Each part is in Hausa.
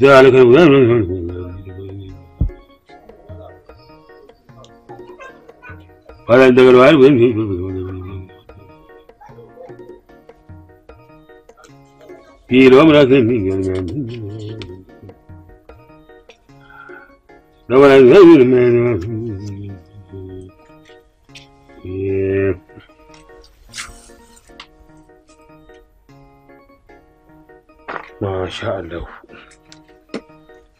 ذلك قال عندك الوالد في لهم لا لو لا يزال ما شاء الله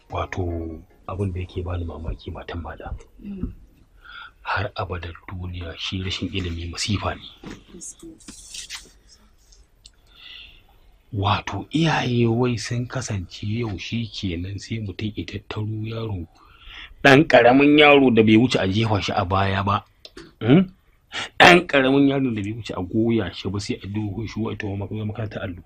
wato abin da yake bani mamaki matan mada har abadar duniya shi rashin ilimi masifa ne wato iyaye wai sun kasance yau shi kenan sai mutum ya tattaro yaro ɗan ƙaramin yaro da bai wuce a jefa shi a baya ba hmm? ɗan ƙaramin yaro da bai wuce a goya shi ba sai a duhu shi wa ita makaranta allo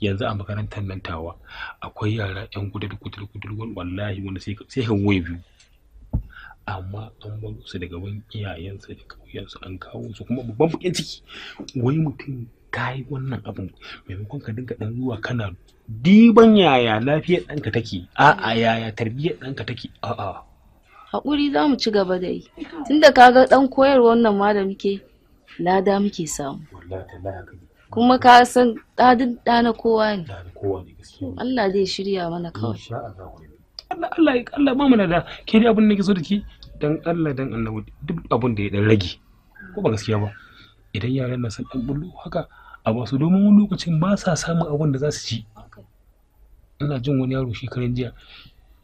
yanzu a makarantar nan tawa akwai yara yan gudar gudar gudar wallahi wanda sai ka waye biyu amma an bar su daga wani iyayensa da kauyensu an kawo su kuma babban bakin ciki wai mutum ka yi wannan abin maimakon ka dinga dan zuwa kana diban yaya lafiyar ɗanka take a'a yaya tarbiyyar ɗanka take a'a haƙuri za mu ci gaba da yi tunda ka ga ɗan koyar wannan ma da muke lada muke samu wallahi tallahi kuma ka san ɗadin na kowa ne Allah zai shirya mana kawai Allah Allah Allah ba mana da ke dai abin da nake so da ki dan Allah dan annabi duk abin da ya dan rage ko ba gaskiya ba idan yaran na sun dan bullo haka a ba su domin wani lokacin ba sa samun abun da za su ci ina jin wani yaro shekaran jiya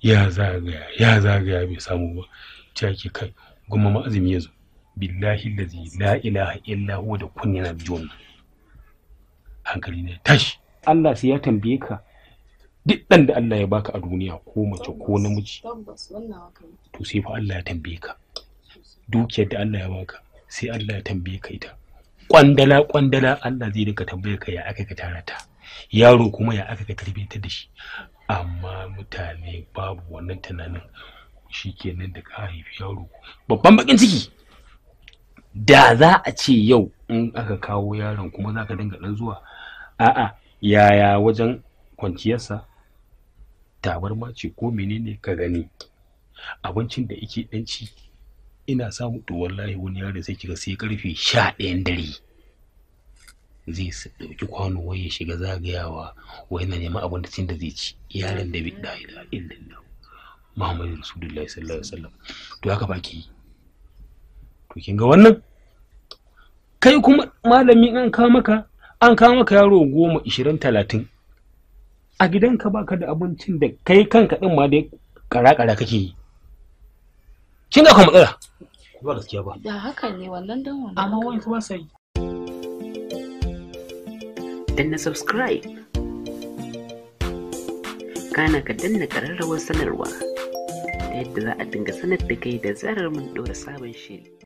ya zagaya ya zagaya bai samu ba ta ke kai gumma ma azumi ya zo billahi lazi la ilaha illa huwa da kunya na biyu hankali ne tashi Allah sai ya tambaye ka duk dan da Allah ya baka a duniya ko mace ko namiji to sai fa Allah ya tambaye ka dukiyar da Allah ya baka sai Allah ya tambaye ka ita kwandala kwandala Allah zai rika tambaye ka ya aka ka tara yaro kuma ya aka ka karbe ta da shi amma mutane babu wannan tunanin shi shikenan da ka haifi yaro babban bakin ciki da za a ce yau in aka kawo yaron kuma za ka dinga ɗan zuwa a'a yaya wajen kwanciyarsa tabarma ce ko menene ka gani abincin da yake ɗan ci ina samu to wallahi wani yaro sai kiga sai karfe sha ɗayan dare zai ɗauki kwano wai ya shiga zagayawa wai na neman abincin da zai ci yaron da bai da ila illallah Muhammadu Rasulullahi sallallahu alaihi wasallam to haka ba yi to kin ga wannan kai kuma malami an kawo maka an ka maka yaro goma ishirin talatin a gidanka baka da abincin da kai kanka din ma dai kara-kara kake yi kin ga kuma matsala ba gaskiya ba da haka ne wannan dan wannan amma wani kuma sai danna subscribe kana ka danna kararrawar sanarwa ta yadda za a dinga sanar da kai da zarar mun ɗora sabon shiri